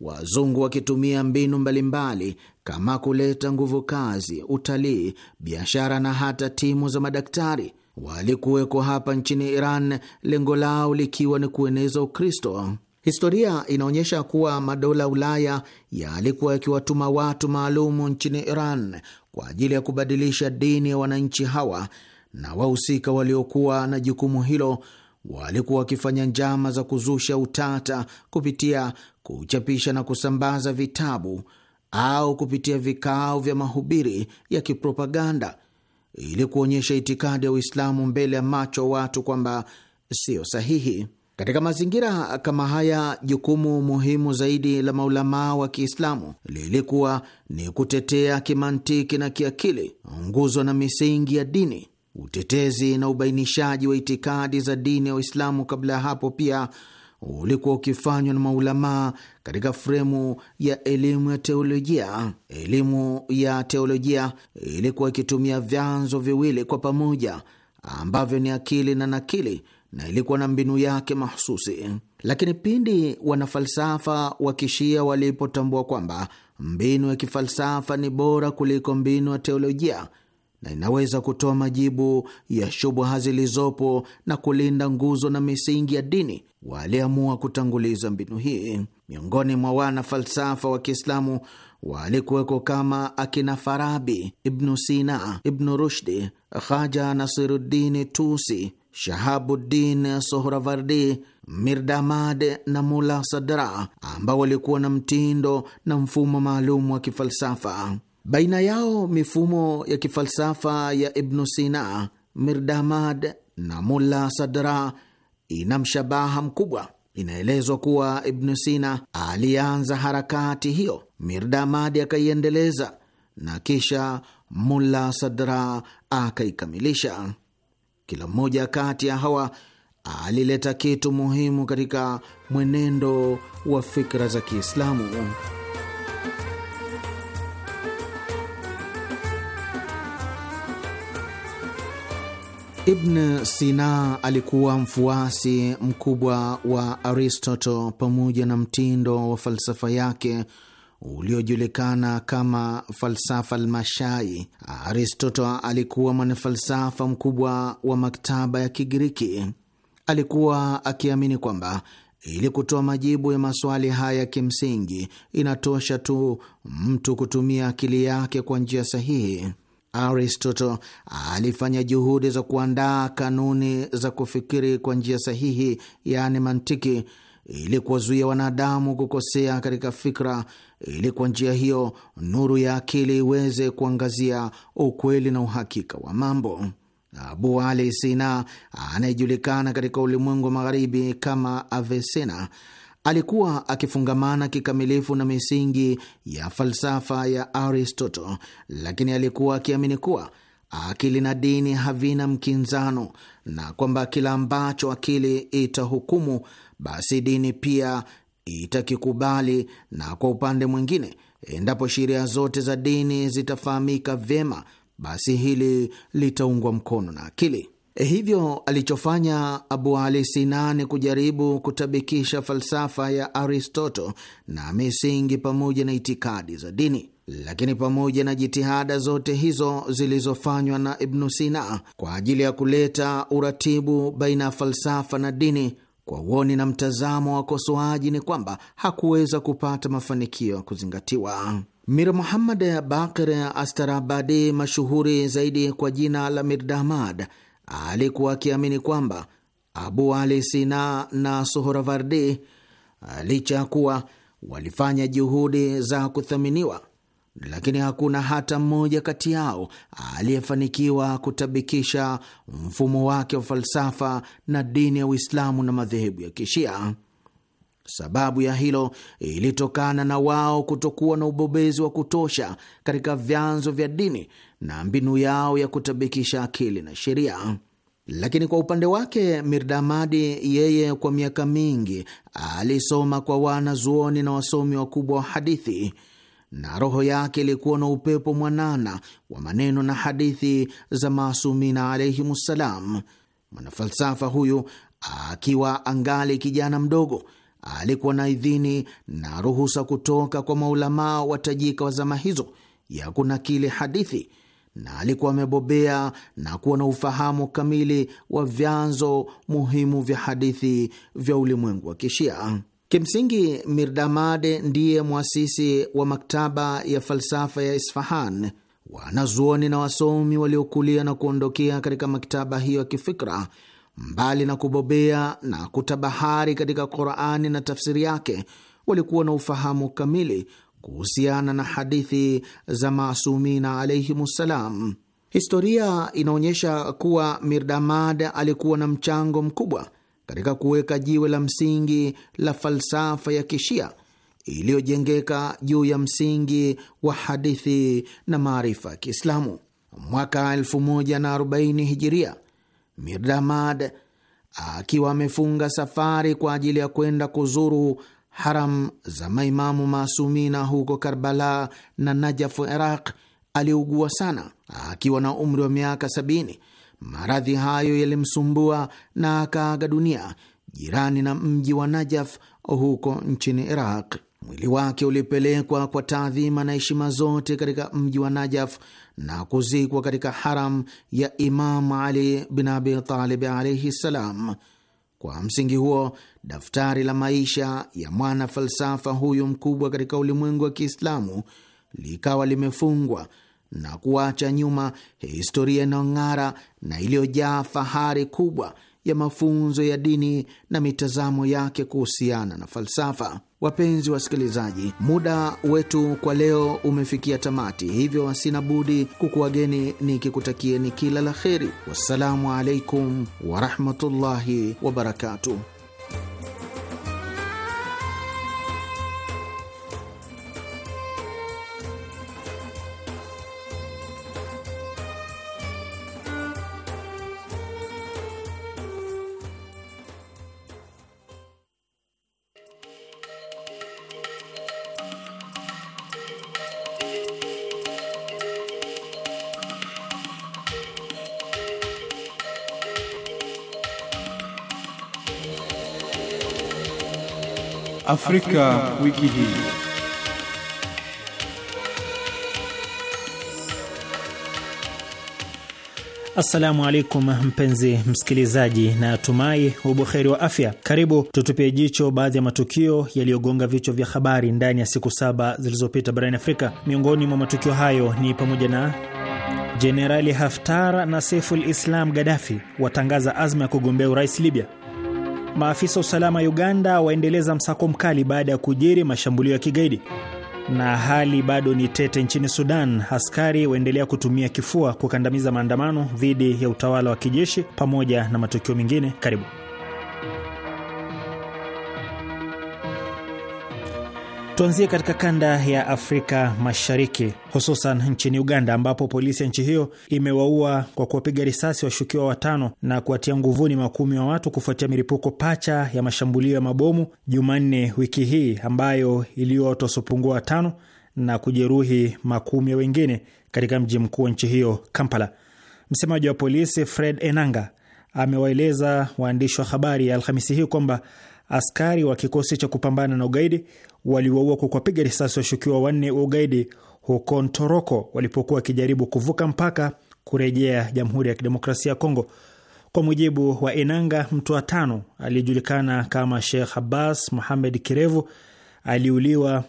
wazungu wakitumia mbinu mbalimbali kama kuleta nguvu kazi, utalii, biashara na hata timu za madaktari walikuweko hapa nchini Iran, lengo lao likiwa ni kueneza Ukristo. Historia inaonyesha kuwa madola Ulaya yalikuwa yakiwatuma watu maalumu nchini Iran kwa ajili ya kubadilisha dini ya wananchi hawa, na wahusika waliokuwa na jukumu hilo walikuwa wakifanya njama za kuzusha utata kupitia kuchapisha na kusambaza vitabu au kupitia vikao vya mahubiri ya kipropaganda ili kuonyesha itikadi ya Uislamu mbele ya macho watu kwamba siyo sahihi. Katika mazingira kama haya, jukumu muhimu zaidi la maulamaa wa Kiislamu lilikuwa ni kutetea kimantiki na kiakili nguzo na misingi ya dini. Utetezi na ubainishaji wa itikadi za dini ya Uislamu kabla ya hapo pia ulikuwa ukifanywa na maulamaa katika fremu ya elimu ya teolojia. Elimu ya teolojia ilikuwa ikitumia vyanzo viwili kwa pamoja ambavyo ni akili na nakili, na ilikuwa na mbinu yake mahususi Lakini pindi wanafalsafa wa kishia walipotambua kwamba mbinu ya kifalsafa ni bora kuliko mbinu ya teolojia na inaweza kutoa majibu ya shubha zilizopo na kulinda nguzo na misingi ya dini, waliamua kutanguliza mbinu hii. Miongoni mwa wana falsafa wa Kiislamu walikuweko kama akina Farabi, Ibnu Sina, Ibnu Rushdi, Khaja Nasiruddini Tusi, Shahabuddin Sohravardi, Mirdamad na Mula Sadra, ambao walikuwa na mtindo na mfumo maalum wa kifalsafa. Baina yao mifumo ya kifalsafa ya Ibnu Sina, Mirdamad na Mulla Sadra ina mshabaha mkubwa. Inaelezwa kuwa Ibnu Sina alianza harakati hiyo, Mirdamadi akaiendeleza na kisha Mulla Sadra akaikamilisha. Kila mmoja kati ya hawa alileta kitu muhimu katika mwenendo wa fikra za Kiislamu. Ibn Sina alikuwa mfuasi mkubwa wa Aristotle pamoja na mtindo wa falsafa yake uliojulikana kama falsafa almashai aristoto Aristotle alikuwa mwanafalsafa mkubwa wa maktaba ya Kigiriki. Alikuwa akiamini kwamba ili kutoa majibu ya maswali haya ya kimsingi, inatosha tu mtu kutumia akili yake kwa njia sahihi. Aristotle alifanya juhudi za kuandaa kanuni za kufikiri kwa njia sahihi, yaani mantiki, ili kuwazuia wanadamu kukosea katika fikra, ili kwa njia hiyo nuru ya akili iweze kuangazia ukweli na uhakika wa mambo. Abu Ali Sina anayejulikana katika ulimwengu wa magharibi kama Avesena alikuwa akifungamana kikamilifu na misingi ya falsafa ya Aristotle, lakini alikuwa akiamini kuwa akili na dini havina mkinzano na kwamba kila ambacho akili itahukumu basi dini pia itakikubali, na kwa upande mwingine, endapo sheria zote za dini zitafahamika vyema, basi hili litaungwa mkono na akili. Eh, hivyo alichofanya Abu Ali Sina ni kujaribu kutabikisha falsafa ya Aristoto na misingi pamoja na itikadi za dini. Lakini pamoja na jitihada zote hizo zilizofanywa na Ibnu Sina kwa ajili ya kuleta uratibu baina ya falsafa na dini, kwa uoni na mtazamo wa wakosoaji, ni kwamba hakuweza kupata mafanikio ya kuzingatiwa. Mir Muhammad Bakir Astarabadi, mashuhuri zaidi kwa jina la Mirdamad, alikuwa akiamini kwamba Abu Ali Sina na Suhoravardi ah, licha ya kuwa walifanya juhudi za kuthaminiwa, lakini hakuna hata mmoja kati yao aliyefanikiwa kutabikisha mfumo wake wa falsafa na dini ya Uislamu na madhehebu ya Kishia. Sababu ya hilo ilitokana na wao kutokuwa na ubobezi wa kutosha katika vyanzo vya dini na mbinu yao ya kutabikisha akili na sheria. Lakini kwa upande wake Mirdamadi, yeye kwa miaka mingi alisoma kwa wana zuoni na wasomi wakubwa wa hadithi, na roho yake ilikuwa na upepo mwanana wa maneno na hadithi za maasumina ssalam. Mwanafalsafa huyu akiwa angali kijana mdogo alikuwa na idhini na ruhusa kutoka kwa maulamaa watajika wa zama hizo ya kunakili hadithi na alikuwa amebobea na kuwa na ufahamu kamili wa vyanzo muhimu vya hadithi vya ulimwengu wa Kishia. Kimsingi, Mirdamad ndiye mwasisi wa maktaba ya falsafa ya Isfahan. Wanazuoni na wasomi waliokulia na kuondokea katika maktaba hiyo ya kifikra, mbali na kubobea na kutabahari katika Qurani na tafsiri yake, walikuwa na ufahamu kamili kuhusiana na hadithi za maasumina ssalam. Historia inaonyesha kuwa Mirdamad alikuwa na mchango mkubwa katika kuweka jiwe la msingi la falsafa ya kishia iliyojengeka juu ya msingi wa hadithi na maarifa ya Kiislamu. Mwaka 1040 hijiria, Mirdamad akiwa amefunga safari kwa ajili ya kwenda kuzuru haram za maimamu maasumina huko Karbala na Najafu, Iraq. Aliugua sana akiwa na umri wa miaka sabini. Maradhi hayo yalimsumbua na akaaga dunia jirani na mji wa Najaf huko nchini Iraq. Mwili wake ulipelekwa kwa taadhima na heshima zote katika mji wa Najaf na kuzikwa katika haram ya Imamu Ali bin Abi Talib alaihi ssalam. Kwa msingi huo Daftari la maisha ya mwana falsafa huyu mkubwa katika ulimwengu wa Kiislamu likawa limefungwa na kuacha nyuma historia inayong'ara na iliyojaa fahari kubwa ya mafunzo ya dini na mitazamo yake kuhusiana na falsafa. Wapenzi wasikilizaji, muda wetu kwa leo umefikia tamati, hivyo sina budi kukuwageni nikikutakieni kila la kheri. Wassalamu alaikum warahmatullahi wabarakatuh. Afrika, wiki hii. Assalamu alaikum mpenzi msikilizaji, na tumai ubuheri wa afya. Karibu tutupie jicho baadhi ya matukio yaliyogonga vichwa vya habari ndani ya siku saba zilizopita barani Afrika. Miongoni mwa matukio hayo ni pamoja na Jenerali Haftar na Saiful Islam Gaddafi watangaza azma ya kugombea urais Libya, Maafisa wa usalama Uganda waendeleza msako mkali baada ya kujiri mashambulio ya kigaidi na hali bado ni tete nchini Sudan. Askari waendelea kutumia kifua kukandamiza maandamano dhidi ya utawala wa kijeshi pamoja na matukio mengine. Karibu. Tuanzie katika kanda ya Afrika Mashariki, hususan nchini Uganda, ambapo polisi ya nchi hiyo imewaua kwa kuwapiga risasi washukiwa watano na kuwatia nguvuni makumi wa watu kufuatia milipuko pacha ya mashambulio ya mabomu Jumanne wiki hii ambayo iliua watu wasiopungua watano na kujeruhi makumi wengine katika mji mkuu wa nchi hiyo Kampala. Msemaji wa polisi Fred Enanga amewaeleza waandishi wa habari ya Alhamisi hii kwamba askari wa kikosi cha kupambana na ugaidi waliwaua kwa kuwapiga risasi washukiwa wanne wa ugaidi huko Ntoroko walipokuwa wakijaribu kuvuka mpaka kurejea Jamhuri ya Kidemokrasia ya Kongo. Kwa mujibu wa Enanga, mtu wa tano aliyejulikana kama Sheikh Abbas muhamed Kirevu aliuliwa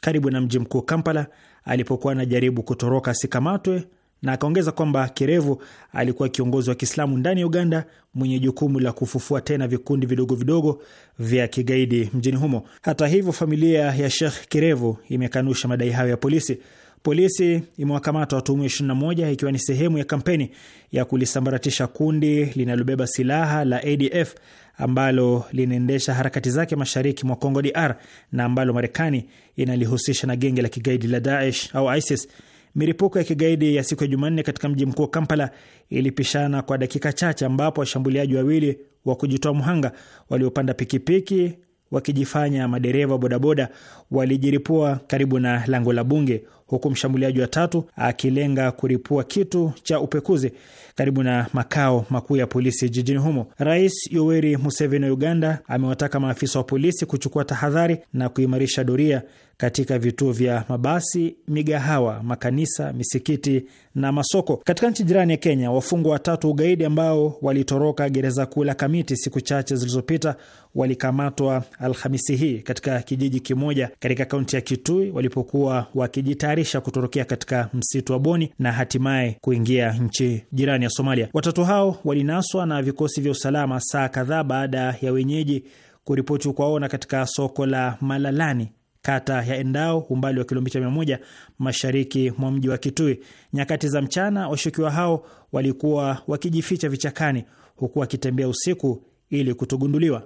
karibu na mji mkuu Kampala alipokuwa anajaribu kutoroka asikamatwe na akaongeza kwamba Kerevu alikuwa kiongozi wa Kiislamu ndani ya Uganda mwenye jukumu la kufufua tena vikundi vidogo vidogo vya kigaidi mjini humo. Hata hivyo, familia ya Sheikh Kerevu imekanusha madai hayo ya polisi. Polisi imewakamata watuhumiwa 21 ikiwa ni sehemu ya kampeni ya kulisambaratisha kundi linalobeba silaha la ADF ambalo linaendesha harakati zake mashariki mwa Congo DR na ambalo Marekani inalihusisha na genge la kigaidi la Daesh au ISIS. Milipuko ya kigaidi ya siku ya Jumanne katika mji mkuu Kampala ilipishana kwa dakika chache, ambapo washambuliaji wawili wa kujitoa mhanga waliopanda pikipiki wakijifanya madereva bodaboda walijiripua karibu na lango la bunge huku mshambuliaji wa tatu akilenga kuripua kitu cha upekuzi karibu na makao makuu ya polisi jijini humo. Rais Yoweri Museveni wa Uganda amewataka maafisa wa polisi kuchukua tahadhari na kuimarisha doria katika vituo vya mabasi, migahawa, makanisa, misikiti na masoko. Katika nchi jirani ya Kenya, wafungwa watatu ugaidi ambao walitoroka gereza kuu la Kamiti siku chache zilizopita walikamatwa Alhamisi hii katika kijiji kimoja katika kaunti ya Kitui walipokuwa wakijitayarisha kujitayarisha kutorokea katika msitu wa Boni na hatimaye kuingia nchi jirani ya Somalia. Watatu hao walinaswa na vikosi vya usalama saa kadhaa baada ya wenyeji kuripoti kuwaona katika soko la Malalani kata ya Endao umbali wa kilomita moja mashariki mwa mji wa Kitui. Nyakati za mchana, washukiwa hao walikuwa wakijificha vichakani, huku wakitembea usiku ili kutogunduliwa.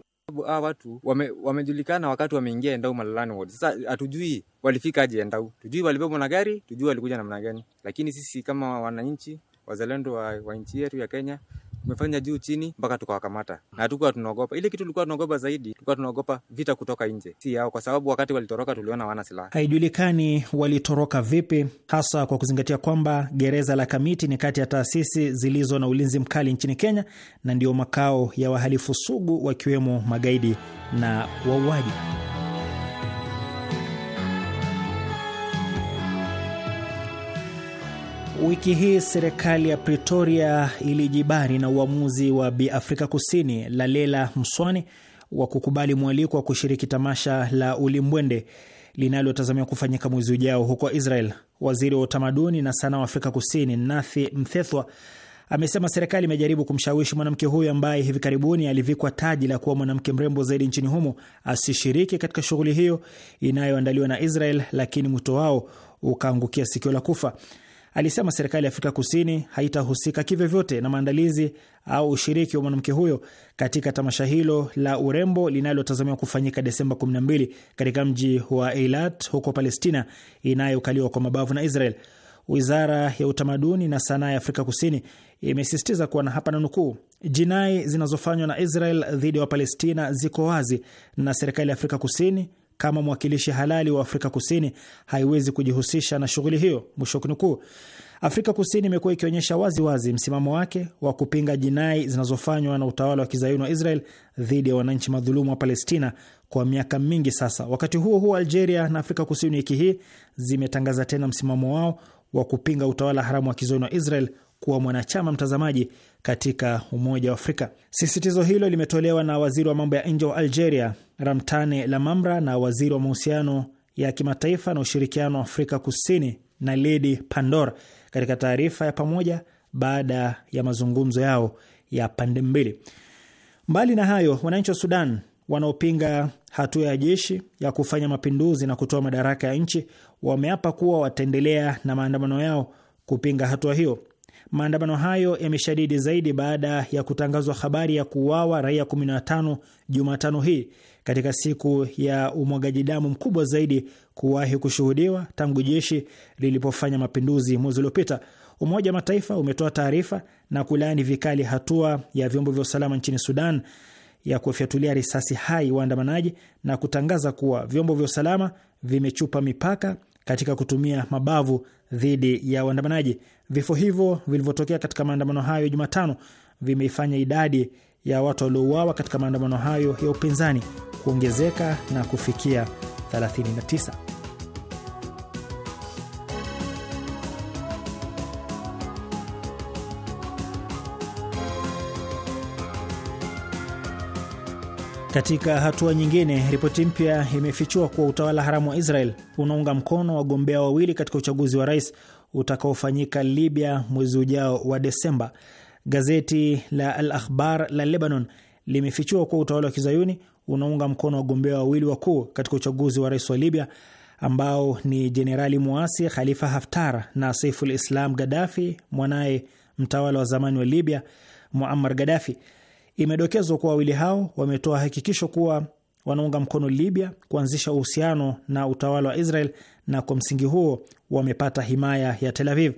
Hawa watu wame, wamejulikana wakati wameingia Endau Malalani ward. Sasa hatujui walifika aje Endau, tujui walibebwa na gari, tujui walikuja namna gani, lakini sisi kama wananchi wazalendo wa, wa nchi yetu ya Kenya Tumefanya juu chini mpaka tukawakamata, na hmm. hatukuwa tunaogopa ile kitu. Tulikuwa tunaogopa zaidi, tulikuwa tunaogopa vita kutoka nje, si yao, kwa sababu wakati walitoroka tuliona wana silaha. Haijulikani walitoroka vipi hasa, kwa kuzingatia kwamba gereza la Kamiti ni kati ya taasisi zilizo na ulinzi mkali nchini Kenya na ndio makao ya wahalifu sugu wakiwemo magaidi na wauaji. Wiki hii serikali ya Pretoria ilijibari na uamuzi wa Bi Afrika Kusini Lalela Mswane wa kukubali mwaliko wa kushiriki tamasha la ulimbwende linalotazamiwa kufanyika mwezi ujao huko Israel. Waziri wa utamaduni na sanaa wa Afrika Kusini Nathi Mthethwa amesema serikali imejaribu kumshawishi mwanamke huyo ambaye hivi karibuni alivikwa taji la kuwa mwanamke mrembo zaidi nchini humo asishiriki katika shughuli hiyo inayoandaliwa na Israel, lakini mwito wao ukaangukia sikio la kufa alisema serikali ya Afrika Kusini haitahusika kivyovyote na maandalizi au ushiriki wa mwanamke huyo katika tamasha hilo la urembo linalotazamiwa kufanyika Desemba 12 katika mji wa Eilat huko Palestina inayokaliwa kwa mabavu na Israel. Wizara ya utamaduni na sanaa ya Afrika Kusini imesisitiza kuwa na hapa na nukuu, jinai zinazofanywa na Israel dhidi ya Wapalestina ziko wazi na serikali ya Afrika Kusini kama mwakilishi halali wa Afrika Kusini haiwezi kujihusisha na shughuli hiyo, mwisho kunukuu. Afrika Kusini imekuwa ikionyesha waziwazi msimamo wake wa kupinga jinai zinazofanywa na utawala wa kizayuni wa Israel dhidi ya wananchi madhulumu wa Palestina kwa miaka mingi sasa. Wakati huo huo, Algeria na Afrika Kusini wiki hii zimetangaza tena msimamo wao wa kupinga utawala haramu wa kizayuni wa Israel kuwa mwanachama mtazamaji katika Umoja wa Afrika. Sisitizo hilo limetolewa na waziri wa mambo ya nje wa Algeria, Ramtane Lamamra, na waziri wa mahusiano ya kimataifa na ushirikiano wa Afrika Kusini na Ledi Pandor katika taarifa ya pamoja baada ya mazungumzo yao ya pande mbili. Mbali na hayo, wananchi wa Sudan wanaopinga hatua ya jeshi ya kufanya mapinduzi na kutoa madaraka ya nchi wameapa kuwa wataendelea na maandamano yao kupinga hatua hiyo. Maandamano hayo yameshadidi zaidi baada ya kutangazwa habari ya kuuawa raia 15 Jumatano hii katika siku ya umwagaji damu mkubwa zaidi kuwahi kushuhudiwa tangu jeshi lilipofanya mapinduzi mwezi uliopita. Umoja wa Mataifa umetoa taarifa na kulaani vikali hatua ya vyombo vya usalama nchini Sudan ya kufyatulia risasi hai waandamanaji na kutangaza kuwa vyombo vya usalama vimechupa mipaka katika kutumia mabavu dhidi ya waandamanaji. Vifo hivyo vilivyotokea katika maandamano hayo Jumatano vimeifanya idadi ya watu waliouawa katika maandamano hayo ya upinzani kuongezeka na kufikia 39. Katika hatua nyingine, ripoti mpya imefichua kuwa utawala haramu wa Israel unaunga mkono wagombea wawili katika uchaguzi wa rais utakaofanyika Libya mwezi ujao wa Desemba. Gazeti la Al Akhbar la Lebanon limefichua kuwa utawala wa kizayuni unaunga mkono wagombea wawili wakuu katika uchaguzi wa rais wa Libya ambao ni jenerali muasi Khalifa Haftar na Saiful Islam Gaddafi, mwanaye mtawala wa zamani wa Libya Muammar Gaddafi. Imedokezwa kuwa wawili hao wametoa hakikisho kuwa wanaunga mkono Libya kuanzisha uhusiano na utawala wa Israel na kwa msingi huo wamepata himaya ya Tel Aviv.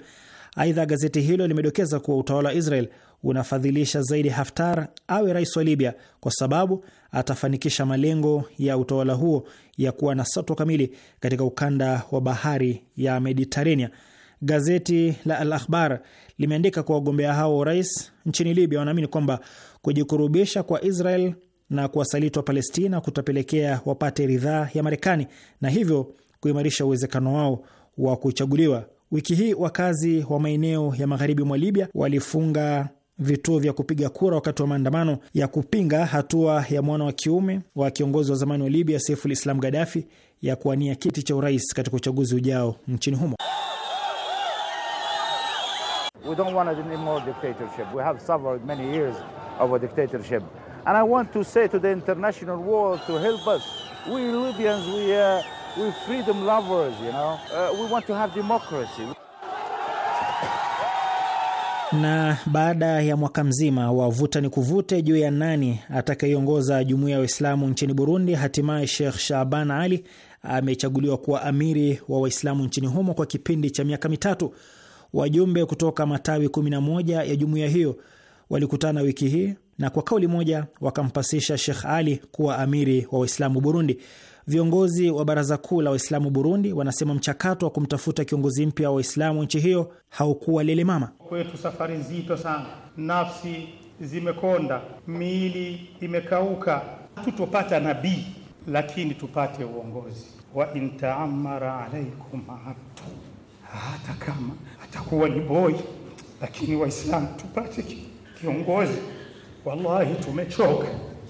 Aidha, gazeti hilo limedokeza kuwa utawala wa Israel unafadhilisha zaidi Haftar awe rais wa Libya kwa sababu atafanikisha malengo ya utawala huo ya kuwa na satwa kamili katika ukanda wa bahari ya Mediterania. Gazeti la Al Akhbar limeandika kuwa wagombea hao wa urais nchini Libya wanaamini kwamba kujikurubisha kwa Israel na kuwasaliti wa Palestina kutapelekea wapate ridhaa ya Marekani na hivyo kuimarisha uwezekano wao wa kuchaguliwa. Wiki hii wakazi wa maeneo ya magharibi mwa Libya walifunga vituo vya kupiga kura wakati wa maandamano ya kupinga hatua ya mwana wa kiume wa kiongozi wa zamani wa Libya Saiful Islam Gaddafi ya kuwania kiti cha urais katika uchaguzi ujao nchini humo. We We're freedom lovers, you know. Uh, we want to have democracy. Na baada ya mwaka mzima wa vuta ni kuvute juu ya nani atakayeongoza jumuiya ya Waislamu nchini Burundi, hatimaye Sheikh Shaban Ali amechaguliwa kuwa amiri wa Waislamu nchini humo kwa kipindi cha miaka mitatu. Wajumbe kutoka matawi 11 ya jumuiya hiyo walikutana wiki hii na kwa kauli moja wakampasisha Sheikh Ali kuwa amiri wa Waislamu Burundi. Viongozi wa Baraza Kuu la Waislamu Burundi wanasema mchakato wa kumtafuta kiongozi mpya wa Waislamu nchi hiyo haukuwa mama. Kwetu safari nzito sana, nafsi zimekonda, miili imekauka. Hatutopata nabii, lakini tupate uongozi wa intaamara alaikum abdu, hata kama atakuwa ni boi, lakini Waislamu tupate kiongozi. Wallahi tumechoka,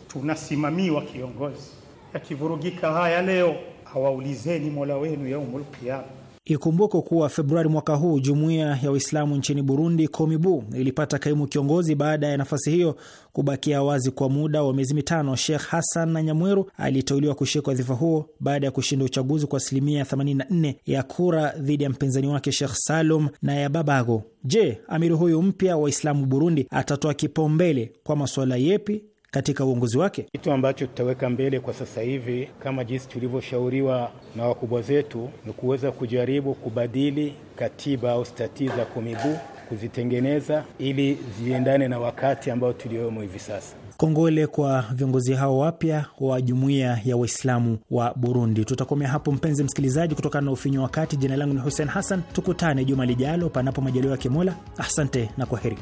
tunasimamiwa kiongozi yakivurugika haya leo, hawaulizeni Mola wenu yaumul qiama. Ikumbukwe kuwa Februari mwaka huu jumuiya ya Waislamu nchini Burundi, Komibu, ilipata kaimu kiongozi baada ya nafasi hiyo kubakia wazi kwa muda wa miezi mitano. Sheikh Hassan na Nyamweru aliteuliwa kushika wadhifa huo baada ya kushinda uchaguzi kwa asilimia 84 ya kura dhidi ya mpinzani wake Sheikh Salum na ya Babago. Je, amiri huyu mpya wa Waislamu Burundi atatoa kipaumbele kwa masuala yepi katika uongozi wake. Kitu ambacho tutaweka mbele kwa sasa hivi kama jinsi tulivyoshauriwa na wakubwa zetu ni kuweza kujaribu kubadili katiba au stati za miguu kuzitengeneza ili ziendane na wakati ambao tuliomo hivi sasa. Kongole kwa viongozi hao wapya wa jumuiya ya Waislamu wa Burundi. Tutakomea hapo mpenzi msikilizaji, kutokana na ufinyo wa wakati. Jina langu ni Hussein Hassan, tukutane juma lijalo, panapo majaliwa ya Kimola. Asante na kwa heri.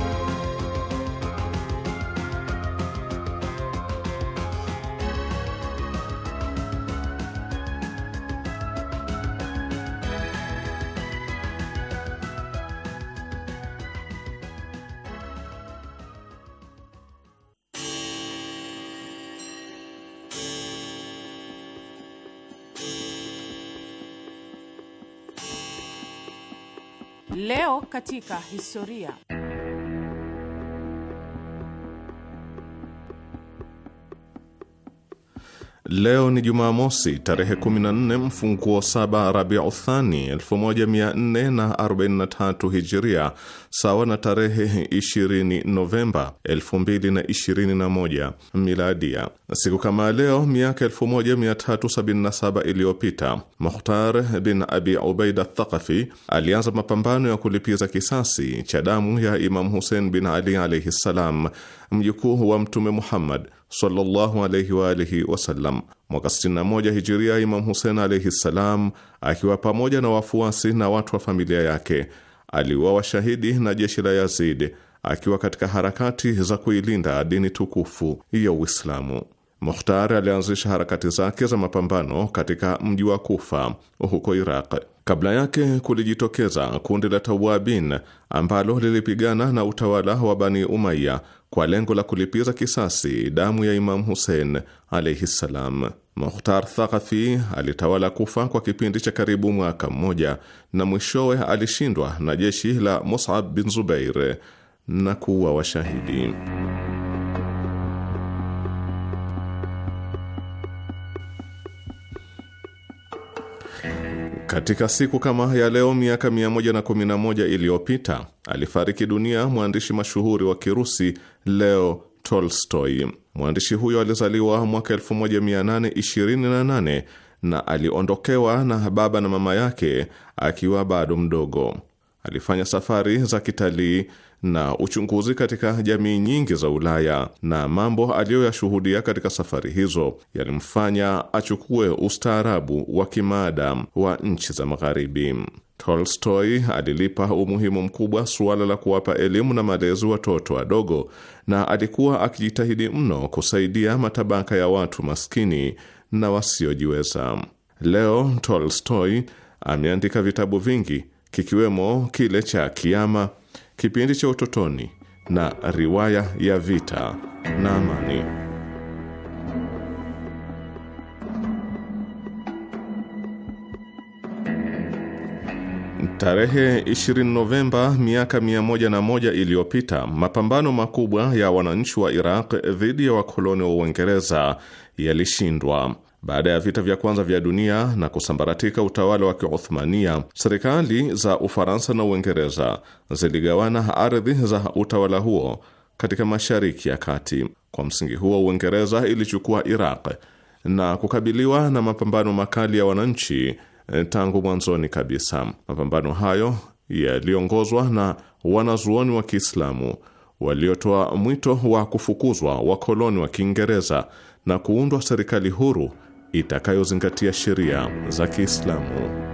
katika historia. Leo ni Jumamosi tarehe 14 mfunguo saba Rabiu Thani 1443 Hijiria sawa na tarehe 20 Novemba 2021 miladia. Siku kama leo miaka 1377 iliyopita, Mukhtar bin Abi Ubaida Thaqafi alianza mapambano ya kulipiza kisasi cha damu ya Imam Hussein bin Ali alaihi ssalam, mjukuu wa Mtume Muhammad sallallahu alaihi wa alihi wasallam. Mwaka 61 hijiria, Imam Hussein alaihi ssalam akiwa pamoja na wafuasi na watu wa familia yake aliuawa shahidi na jeshi la Yazid akiwa katika harakati za kuilinda dini tukufu ya Uislamu. Mukhtar alianzisha harakati zake za mapambano katika mji wa Kufa huko Iraq. Kabla yake kulijitokeza kundi la Tawabin ambalo lilipigana na utawala wa Bani Umaya kwa lengo la kulipiza kisasi damu ya imam Hussein alaihi ssalam. Mukhtar Thaqafi alitawala Kufa kwa kipindi cha karibu mwaka mmoja, na mwishowe alishindwa na jeshi la Mus'ab bin Zubair na kuwa washahidi. Katika siku kama ya leo miaka 111 iliyopita alifariki dunia mwandishi mashuhuri wa Kirusi Leo Tolstoy. Mwandishi huyo alizaliwa mwaka 1828 na aliondokewa na baba na mama yake akiwa bado mdogo. Alifanya safari za kitalii na uchunguzi katika jamii nyingi za Ulaya na mambo aliyoyashuhudia katika safari hizo yalimfanya achukue ustaarabu wa kimaadam wa nchi za Magharibi. Tolstoy alilipa umuhimu mkubwa suala la kuwapa elimu na malezi watoto wadogo, na alikuwa akijitahidi mno kusaidia matabaka ya watu maskini na wasiojiweza. Leo Tolstoy ameandika vitabu vingi kikiwemo kile cha Kiama kipindi cha utotoni na riwaya ya vita na amani. Tarehe 20 Novemba miaka 101 iliyopita, mapambano makubwa ya wananchi wa Iraq dhidi ya wakoloni wa Uingereza yalishindwa. Baada ya vita vya kwanza vya dunia na kusambaratika utawala wa Kiuthmania, serikali za Ufaransa na Uingereza ziligawana ardhi za utawala huo katika Mashariki ya Kati. Kwa msingi huo, Uingereza ilichukua Iraq na kukabiliwa na mapambano makali ya wananchi eh, tangu mwanzoni kabisa. Mapambano hayo yaliongozwa na wanazuoni wa Kiislamu waliotoa mwito wa kufukuzwa wakoloni wa Kiingereza na kuundwa serikali huru itakayozingatia sheria za Kiislamu.